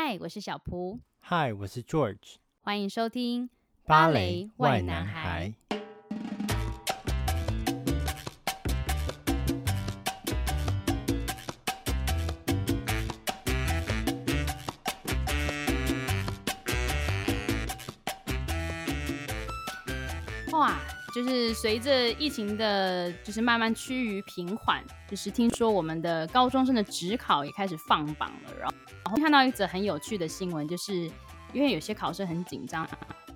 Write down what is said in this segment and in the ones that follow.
嗨，我是小蒲。嗨，我是 George。歡迎收聽《芭蕾 why 男孩》。就是隨着疫情的，就是慢慢趨於平緩，就是聽說我們的高中生的指考也開始放榜了，然後我看到一則很有趣的新聞，就是因為有些考生很緊張、啊，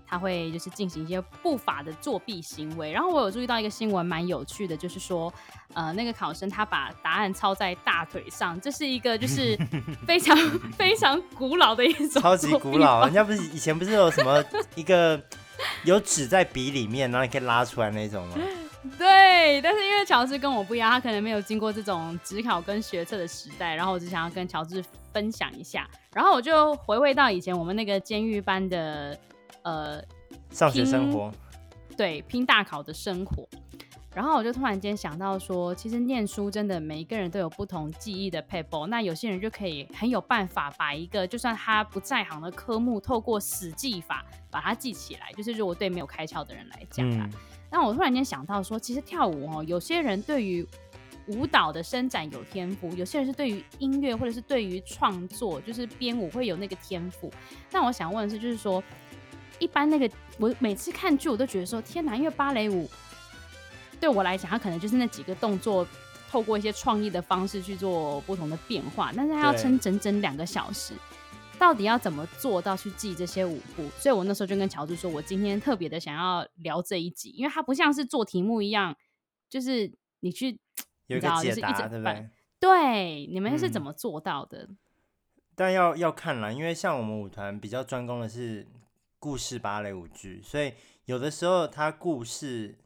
他會就是進行一些不法的作弊行為，然後我有注意到一個新聞蠻有趣的，就是說，呃，那個考生他把答案抄在大腿上，這是一個就是非常 非常古老的一種超級古老，人家不是以前不是有什麼一個。 有紙在筆裡面，然後你可以拉出來那種嗎？ 對，但是因為喬治跟我不一樣，他可能沒有經過這種指考跟學測的時代，然後我只想要跟喬治分享一下，然後我就回味到以前我們那個監獄班的呃上學生活，拼對拼大考的生活。然後我就突然間想到說，其實念書真的每一個人都有不同記憶的撇步那有些人就可以很有辦法把一個就算他不在行的科目，透過死記法把它記起來。就是如果對沒有開竅的人來講啦。那、嗯、我突然間想到說，其實跳舞哦、喔，有些人對於舞蹈的伸展有天賦，有些人是對於音樂或者是對於創作，就是編舞會有那個天賦。那我想問的是，就是說一般那個我每次看劇我都覺得說天哪，因為芭蕾舞。對我來講，他可能就是那幾個動作，透過一些創意的方式去做不同的變化，但是他要撐整整兩個小時，到底要怎麼做到去記這些舞步？所以我那時候就跟喬治說，我今天特別的想要聊這一集，因為他不像是做題目一樣，就是你去有一個解答，你就是、對，對，對你們是怎麼做到的？嗯、但要要看啦，因為像我們舞團比較專攻的是故事芭蕾舞劇，所以有的時候它故事。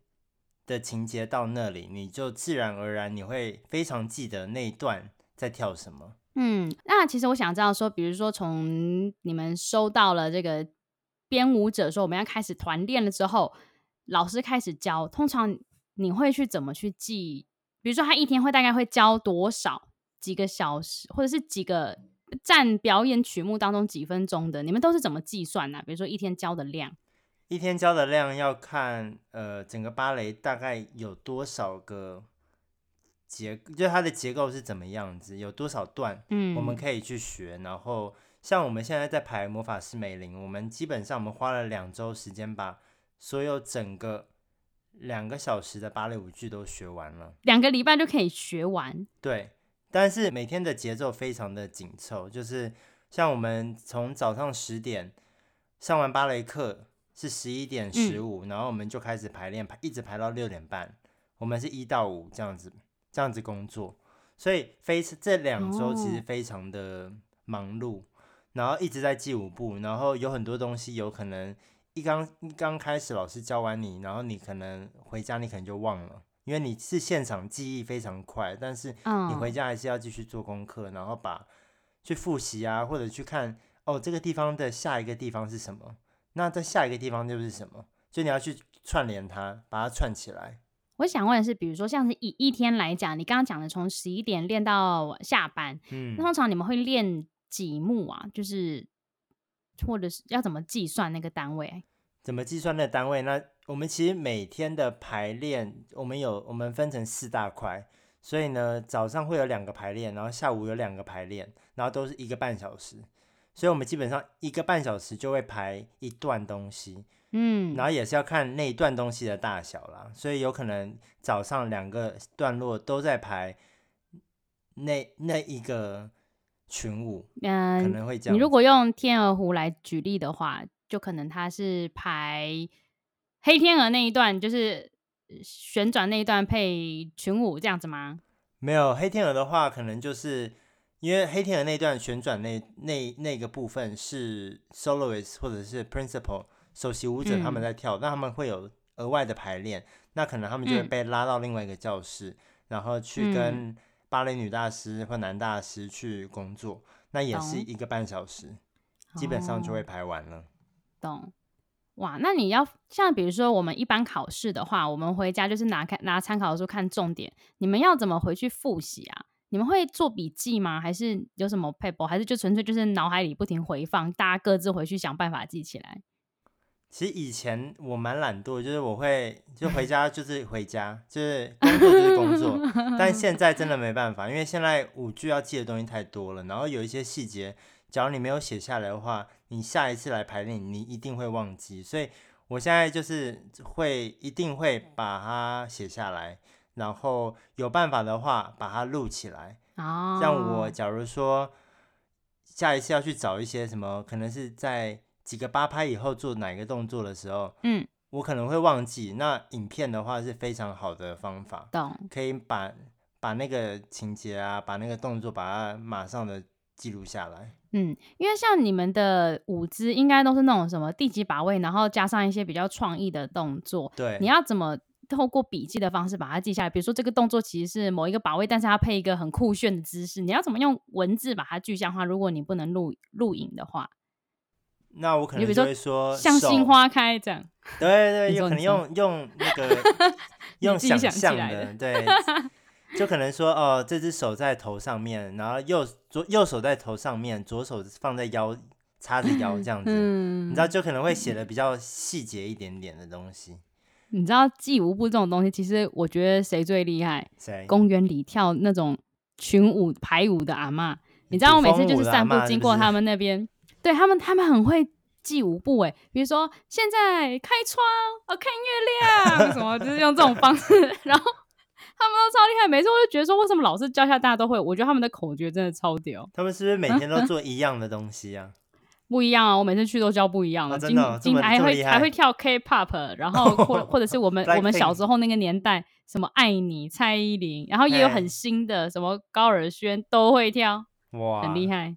的情節到那裡，你就自然而然你會非常記得那一段在跳什麼。嗯，那其實我想知道說，比如說從你們收到了這個編舞者說我們要開始團練了之後，老師開始教，通常你會去怎麼去記？比如說他一天會大概會教多少幾個小時，或者是幾個占表演曲目當中幾分鐘的，你們都是怎麼計算呢、啊？比如說一天教的量。一天教的量要看，呃，整個芭蕾大概有多少個結，就它的結構是怎麼樣子，有多少段，我們可以去學、嗯。然後像我們現在在排《魔法師梅林》，我們基本上我們花了兩週時間把所有整個兩個小時的芭蕾舞劇都學完了。兩個禮拜就可以學完？對，但是每天的節奏非常的緊湊，就是像我們從早上十點上完芭蕾課。是十一點十五、嗯，然後我們就開始排練，排一直排到六點半。我們是一到五這樣子，這樣子工作，所以非這兩周其實非常的忙碌，嗯、然後一直在記舞步，然後有很多東西有可能一剛一剛開始老師教完你，然後你可能回家你可能就忘了，因為你是現場記憶非常快，但是你回家還是要繼續做功課，嗯、然後把去複習啊，或者去看哦這個地方的下一個地方是什麼？那在下一個地方就是什麼？所以你要去串聯它，把它串起來。我想問的是，比如說像是以一天來講，你剛剛講的從十一點練到下班，嗯，通常你們會練幾幕啊？就是或者是要怎麼計算那個單位？怎麼計算那個單位？那我們其實每天的排練，我們有我們分成四大塊，所以呢，早上會有兩個排練，然後下午有兩個排練，然後都是一個半小時。所以，我們基本上一個半小時就會排一段東西，嗯，然後也是要看那一段東西的大小啦。所以，有可能早上兩個段落都在排那那一個群舞，嗯，可能會這樣。你如果用《天鵝湖》來舉例的話，就可能它是排黑天鵝那一段，就是旋轉那一段配群舞這樣子嗎？沒有，黑天鵝的話，可能就是。因為黑天鵝那段旋轉那那那個部分是 soloist 或者是 principal 首席舞者他們在跳，嗯，那他們會有額外的排練，那可能他們就會被拉到另外一個教室，嗯、然後去跟芭蕾女大師或男大師去工作，嗯、那也是一個半小時，基本上就會排完了。懂？哇，那你要像比如說我們一般考試的話，我們回家就是拿看拿參考書看重點，你們要怎麼回去復習啊？你們會做筆記嗎？還是有什麼撇步？還是就純粹就是腦海裡不停回放？大家各自回去想辦法記起來。其實以前我蠻懶惰，就是我會就回家就是回家， 就是工作就是工作。 但現在真的沒辦法，因為現在舞劇要記的東西太多了，然後有一些細節，只要你沒有寫下來的話，你下一次來排練你一定會忘記。所以我現在就是會一定會把它寫下來。然後有辦法的話，把它錄起來。哦、像我，假如說下一次要去找一些什麼，可能是在幾個八拍以後做哪一個動作的時候，嗯，我可能會忘記。那影片的話是非常好的方法，懂？可以把把那個情節啊，把那個動作，把它馬上的記錄下來。嗯，因為像你們的舞姿，應該都是那種什麼第幾把位，然後加上一些比較創意的動作。對。你要怎麼？透過筆記的方式把它記下來，比如說這個動作其實是某一個把位，但是它配一個很酷炫的姿勢，你要怎麼用文字把它具象化？如果你不能錄錄影的話，那我可能就會說比如說像“心花開”這樣，對，對對，你說你說有可能用用，用那個 用想象的想，對，就可能說哦，這隻手在頭上面，然後右左右手在頭上面，左手放在腰，叉着腰這樣子， 嗯、你知道就可能會寫得比較細節一點點的東西。你知道記舞步這種東西，其實我覺得誰最厲害？誰？公園裡跳那種群舞、排舞的阿嬤，你知道我每次就是散步經過他們那邊，對他們，他們很會記舞步誒，比如說現在開窗啊，看月亮什麼，就是用這種方式。 然後他們都超厲害，每次我就覺得說，為什麼老師教下大家都會？我覺得他們的口訣真的超屌。他們是不是每天都做一樣的東西啊？嗯嗯不一樣啊！我每次去都教不一樣了，啊，今、啊、今還會還會跳 K-pop，然後或或者是我們 我們小時候那個年代什麼愛你蔡依林，然後也有很新的什麼高爾宣都會跳，哇，很厲害！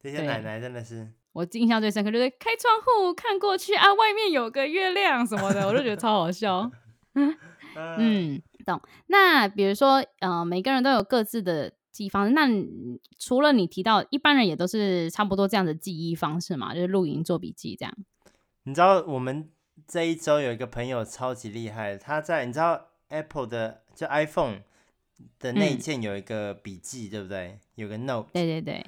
這些奶奶真的是對我印象最深刻，就是開窗戶看過去啊，外面有個月亮什麼的，我就覺得超好笑。 嗯嗯，懂。那比如說呃，每個人都有各自的。記方式，那除了你提到，一般人也都是差不多這樣的記憶方式嘛，就是錄影做筆記這樣。你知道我們這一周有一個朋友超級厲害，他在你知道 Apple 的，就 iPhone 的內建有一個筆記、嗯，對不對？有個 Note，對對對，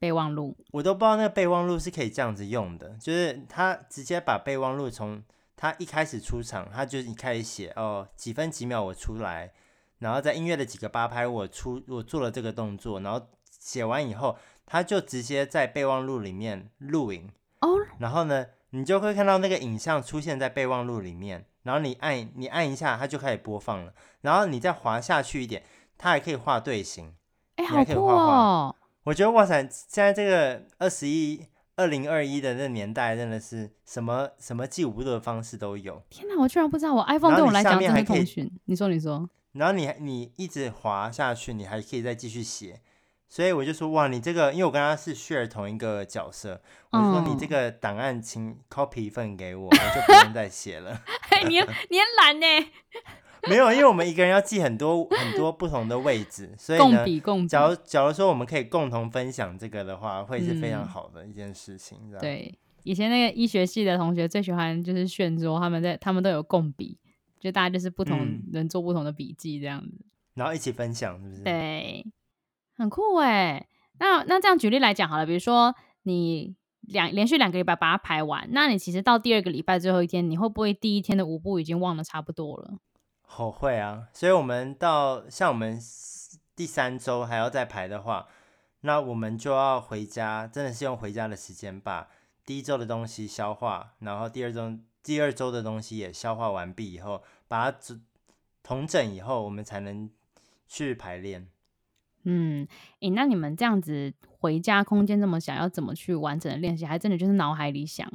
備忘錄。我都不知道那個備忘錄是可以這樣子用的，就是他直接把備忘錄從他一開始出場，他就一開始寫哦，幾分幾秒我出來。然後在音樂的幾個八拍，我出我做了這個動作，然後寫完以後，它就直接在備忘錄裡面錄影、哦、然後呢，你就會看到那個影像出現在備忘錄裡面，然後你按你按一下，它就開始播放了。然後你再滑下去一點，它還可以畫隊形，哎，還可以畫畫，好酷、哦、我覺得哇塞，現在這個二十一二零二一的那年代，真的是什麼什麼記舞步的方式都有。天哪，我居然不知道我 iPhone 對我來講這麼通訊。你說，你說。然後你你一直滑下去，你還可以再繼續寫，所以我就說哇，你這個因為我跟他是 share 同一個角色，哦、我說你這個檔案請 copy 一份給我，我 就不用再寫了。哎，你很你很懶耶！ 沒有，因為我們一個人要記很多很多不同的位置， 所以呢，共筆共筆，假如假如說我們可以共同分享這個的話，會是非常好的一件事情，知、嗯、道對。以前那個醫學系的同學最喜歡就是炫桌，他們在他們都有共筆。就大家就是不同人做不同的筆記這樣子，嗯，然後一起分享是不是？對，很酷哎。那那這樣舉例來講好了，比如說你兩連續兩個禮拜把它排完，那你其實到第二個禮拜最後一天，你會不會第一天的舞步已經忘得差不多了？好、哦、會啊，所以我們到像我們第三週還要再排的話，那我們就要回家，真的是用回家的時間把第一週的東西消化，然後第二週。第二週的東西也消化完畢以後，把它整同整以後，我們才能去排練。嗯，哎、欸，那你們這樣子回家空間這麼小，要怎麼去完整的練習？還真的就是腦海裡想，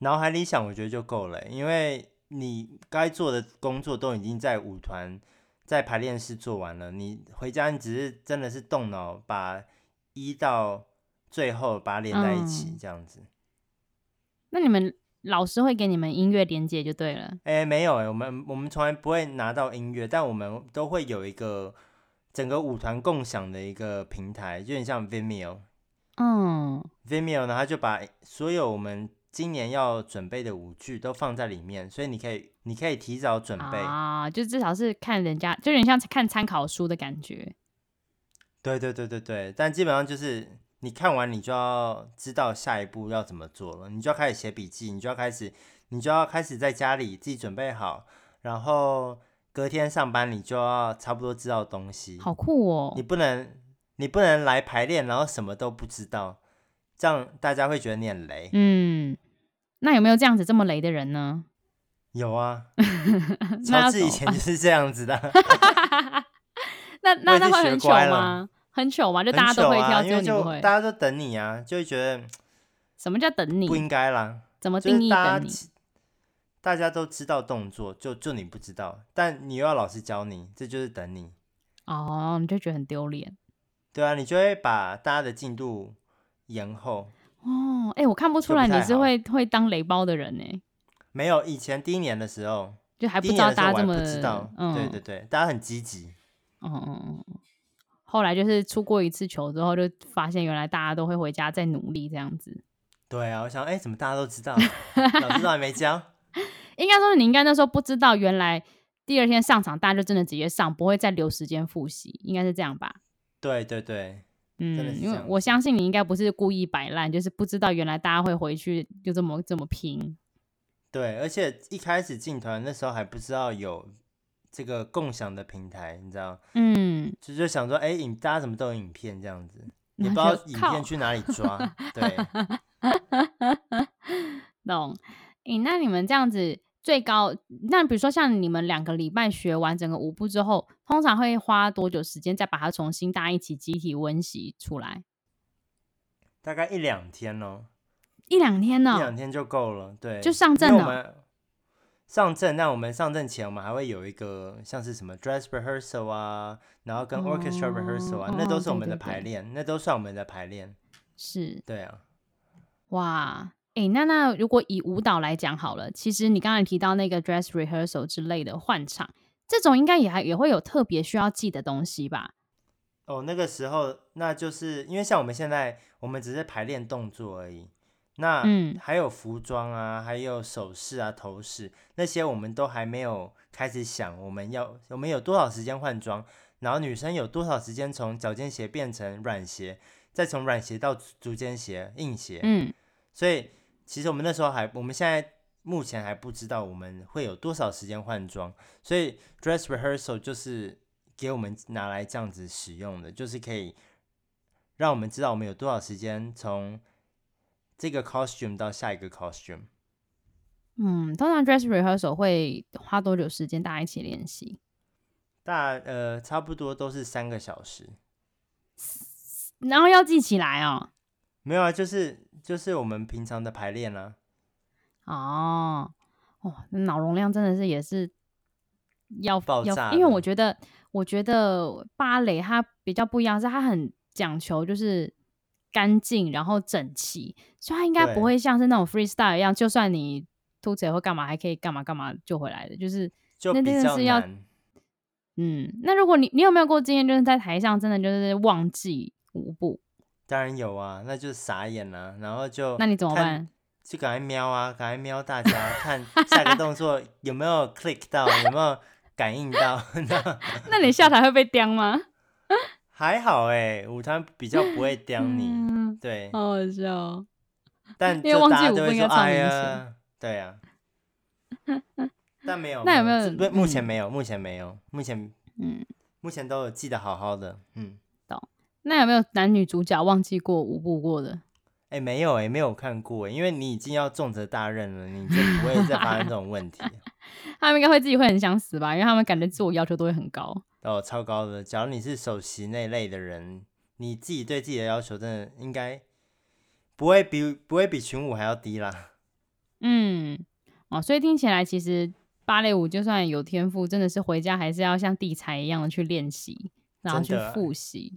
腦海裡想，我覺得就夠了。因為你該做的工作都已經在舞團在排練室做完了，你回家你只是真的是動腦把一到最後把它連在一起這樣子。嗯、那你們。老師會給你們音樂連結就對了。哎、欸，沒有哎、欸，我們我們從來不會拿到音樂，但我們都會有一個整個舞團共享的一個平台，就有點像 Vimeo。嗯，Vimeo 呢，它就把所有我們今年要準備的舞劇都放在裡面，所以你可以你可以提早準備啊，就至少是看人家，就有點像看參考書的感覺。對對對對對，但基本上就是。你看完，你就要知道下一步要怎麼做了。你就要開始寫筆記，你就要開始，你就要開始在家裡自己準備好，然後隔天上班，你就要差不多知道東西。好酷哦！你不能，你不能來排練，然後什麼都不知道，這樣大家會覺得你很雷。嗯，那有沒有這樣子這麼雷的人呢？有啊，喬 治 那要走笑以前就是這樣子的。 那那他會很乖嗎？很糗嘛？就大家都會跳，就、啊、就大家都等你啊，就會覺得什麼叫等你？不應該啦！怎麼定義等你？就是、大家都知道動作，就就你不知道，但你又要老師教你，這就是等你哦，你就覺得很丟臉。對啊，你就會把大家的進度延後哦。哎、欸，我看不出來你是會你是會，會當雷包的人呢、欸。沒有，以前第一年的時候就還不知道大家這麼，知道、嗯。對對對，大家很積極。哦嗯嗯。後來就是出過一次糗之後，就發現原來大家都會回家再努力這樣子。對啊，我想，哎、欸，怎麼大家都知道？ 老師都還沒教？ 應該說，你應該那時候不知道，原來第二天上場，大家就真的直接上，不會再留時間複習，應該是這樣吧？對對對，嗯，因為我相信你應該不是故意擺爛，就是不知道原來大家會回去就這麼這麼拼。對，而且一開始進團那時候還不知道有。這個共享的平台，你知道？嗯，就就想說，哎、欸，大家怎麼都有影片這樣子，你不知道影片去哪裡抓。 對， 懂、欸。那你們這樣子最高，那比如說像你們兩個禮拜學完整個舞步之後，通常會花多久時間再把它重新搭一起集體溫習出來？大概一兩天嘍、哦。一兩天呢、哦？一兩天就夠了。對，就上陣了。上陣，那我們上陣前，我們還會有一個像是什麼 dress rehearsal 啊，然後跟 orchestra rehearsal 啊，哦、那都是我們的排練、哦對對對，那都算我們的排練。是。對啊。哇，哎、欸，那那如果以舞蹈來講好了，其實你剛才提到那個 dress rehearsal 之類的換場，這種應該也還也會有特別需要記的東西吧？哦，那個時候，那就是因為像我們現在，我們只是排練動作而已。那還有服裝啊，還有首飾啊、頭飾那些，我們都還沒有開始想我們要我們有多少時間換裝，然後女生有多少時間從腳尖鞋變成軟鞋，再從軟鞋到足尖鞋、硬鞋。嗯，所以其實我們那時候還，我們現在目前還不知道我們會有多少時間換裝，所以 dress rehearsal 就是給我們拿來這樣子使用的，就是可以讓我們知道我們有多少時間從。這個 costume 到下一個 costume。嗯，通常 dress rehearsal 會花多久時間？大家一起練習？大呃，差不多都是三個小時。然後要記起來哦？沒有啊，就是就是我們平常的排練啊。哦，哦，腦容量真的是也是要爆炸要，因為我覺得我覺得芭蕾它比較不一樣，是它很講求就是。乾淨，然後整齊，所以它應該不會像是那種 free style 一樣，就算你凸槌或幹嘛，還可以幹嘛幹嘛就回來的，就是就那真的是要，嗯，那如果你你有沒有過經驗，就是在臺上真的就是忘記舞步？當然有啊，那就傻眼了啊，然後就那你怎麼辦？就趕快瞄啊，趕快瞄大家， 看下個動作有沒有 click 到， 有沒有感應到？ 那你下臺會被釘嗎？還好哎、欸，舞團比較不會刁你、嗯，對，好好笑、喔。但因為大家都會說哎呀，對呀、啊， 但沒有，那有沒有，不，目前沒有、嗯？目前沒有，目前沒有，目前嗯，目前都有記得好好的，嗯，懂。那有沒有男女主角忘記過舞步過的？哎、欸，沒有哎、欸，沒有看過、欸，因為你已經要重責大任了，你就不會再發生這種問題。 他們應該會自己會很想死吧，因為他們感覺自我要求都會很高。哦，超高的！假如你是首席那類的人，你自己對自己的要求真的應該不會比不會比群舞還要低啦。嗯，哦，所以聽起來其實芭蕾舞就算有天賦，真的是回家還是要像地才一樣的去練習，然後去複習。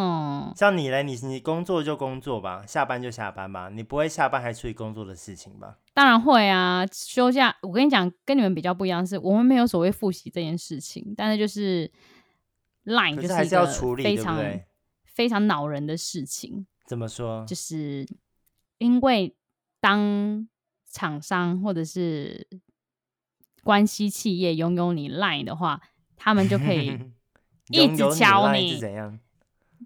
嗯，像你嘞，你你工作就工作吧，下班就下班吧，你不會下班還處理工作的事情吧？當然會啊，休假。我跟你講，跟你們比較不一樣的是，是我們沒有所謂複習這件事情，但是就是 Line 就是還是要處理，就是、非常對不對？非常惱人的事情，怎麼說？就是因為當廠商或者是關係企業擁有你 Line 的話，他們就可以一直敲你， 你怎樣？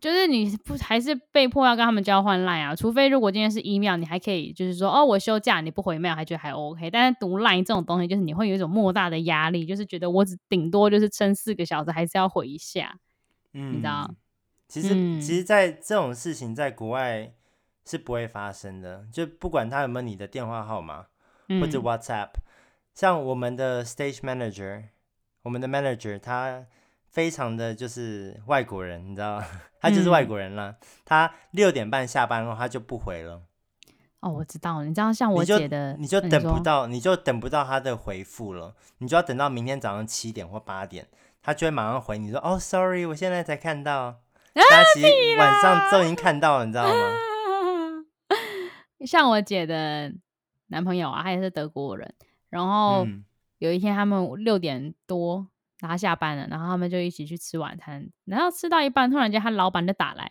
就是你不還是被迫要跟他們交換 Line 啊？除非如果今天是 email，你還可以就是說哦，我休假你不回 mail 還覺得還 OK。但是讀 Line 這種東西，就是你會有一種莫大的壓力，就是覺得我只頂多就是撐四個小時，還是要回一下。嗯，你知道？其實、嗯、其實，在這種事情在國外是不會發生的，就不管他有沒有你的電話號碼、嗯、或者 WhatsApp，像我們的 stage manager，我們的 manager 他。非常的就是外國人，你知道嗎？ 他就是外國人啦。嗯、他六點半下班後，他就不回了。哦，我知道了。你知道像我姐的，你就，你就等不到你，你就等不到他的回復了。你就要等到明天早上七點或八點，他就會馬上回你說：“哦，sorry，我現在才看到。啊”他其實晚上就已經看到了，啊、你知道嗎、啊？像我姐的男朋友啊，他也是德國人。然後有一天，他們六點多。嗯她下班了，然後他們就一起去吃晚餐。然後吃到一半，突然間他老板就打來，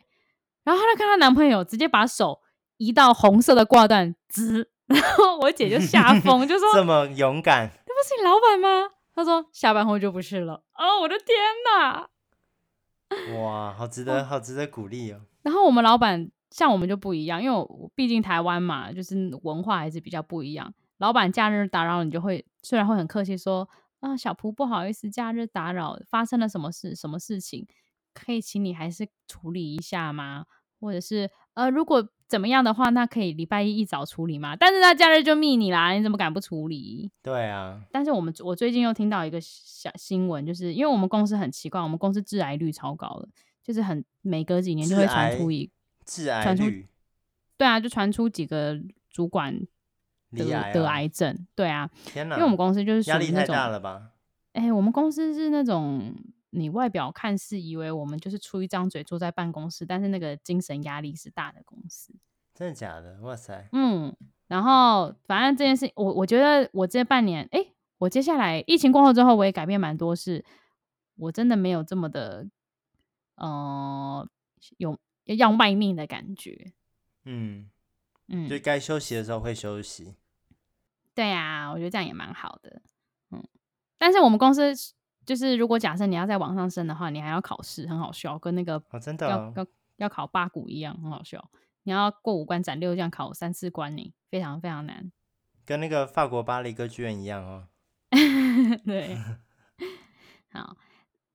然後她就看她男朋友直接把手移到紅色的掛斷，直。然後我姐就嚇瘋，就說：“ 這麼勇敢，這不是你老板嗎？”她說：“下班後就不去了。”哦，我的天哪！哇，好值得，好值得鼓勵哦。然後我們老板像我們就不一樣，因為我畢竟台灣嘛，就是文化還是比較不一樣。老板假日打擾你，就會雖然會很客氣說。啊，小蒲不好意思，假日打擾，發生了什麼事？什麼事情？可以請你還是處理一下嗎？或者是呃，如果怎麼樣的話，那可以禮拜一一早處理嗎？但是那假日就密你啦，你怎麼敢不處理？對啊，但是我們我最近又聽到一個小新聞，就是因為我們公司很奇怪，我們公司致癌率超高的，就是很，每隔幾年就會傳出一致癌，致癌率。傳出，對啊，就傳出幾個主管。得得癌症，對啊，天哪，因為我們公司就是壓力太大了吧？哎、欸，我們公司是那種你外表看似以為我們就是出一張嘴坐在辦公室，但是那個精神壓力是大的公司。真的假的？哇塞！嗯，然後反正這件事，我我覺得我這半年，哎、欸，我接下來疫情過後之後，我也改變蠻多事，是我真的沒有這麼的，呃，有要賣命的感覺。嗯嗯，就該休息的時候會休息。對啊，我覺得這樣也蠻好的，嗯。但是我們公司就是，如果假設你要再往上升的話，你還要考試，很好笑，跟那個、哦、真的、哦、要要要考八股一樣，很好笑。你要過五關斬六將，這樣考三次關，你非常非常難，跟那個法國巴黎歌劇院一樣哦。 對， 好，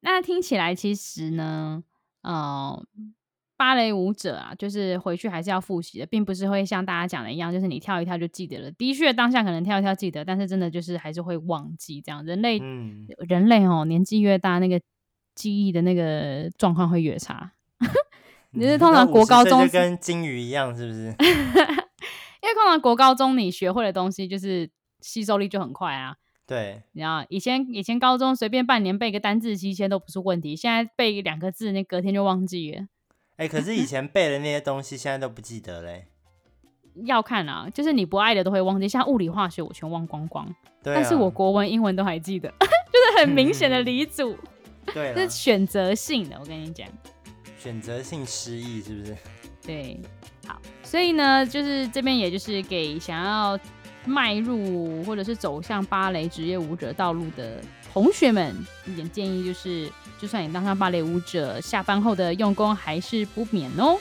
那聽起來其實呢，哦、呃。芭蕾舞者啊，就是回去還是要複習的，並不是會像大家講的一樣，就是你跳一跳就記得了。的確，當下可能跳一跳記得，但是真的就是還是會忘記。這樣，人類，嗯、人類哦、喔，年紀越大，那個記憶的那個狀況會越差。你 是通常國高中、嗯、跟金魚一樣，是不是？ 因為通常國高中你學會的東西就是吸收力就很快啊。對，你知道以前以前高中隨便半年背個單字七千都不是問題，現在背兩個字那隔天就忘記了。哎、欸，可是以前背的那些東西， 現在都不記得嘞。要看啊，就是你不愛的都會忘記，像物理化學我全忘光光，啊、但是我國文英文都還記得， 就是很明顯的離譜。 對了， 是選擇性的，我跟你講。選擇性失憶是不是？對，好，所以呢，就是這邊也就是給想要邁入或者是走向芭蕾職業舞者道路的同學們，一點建議就是，就算你當上芭蕾舞者，下班後的用功還是不免哦。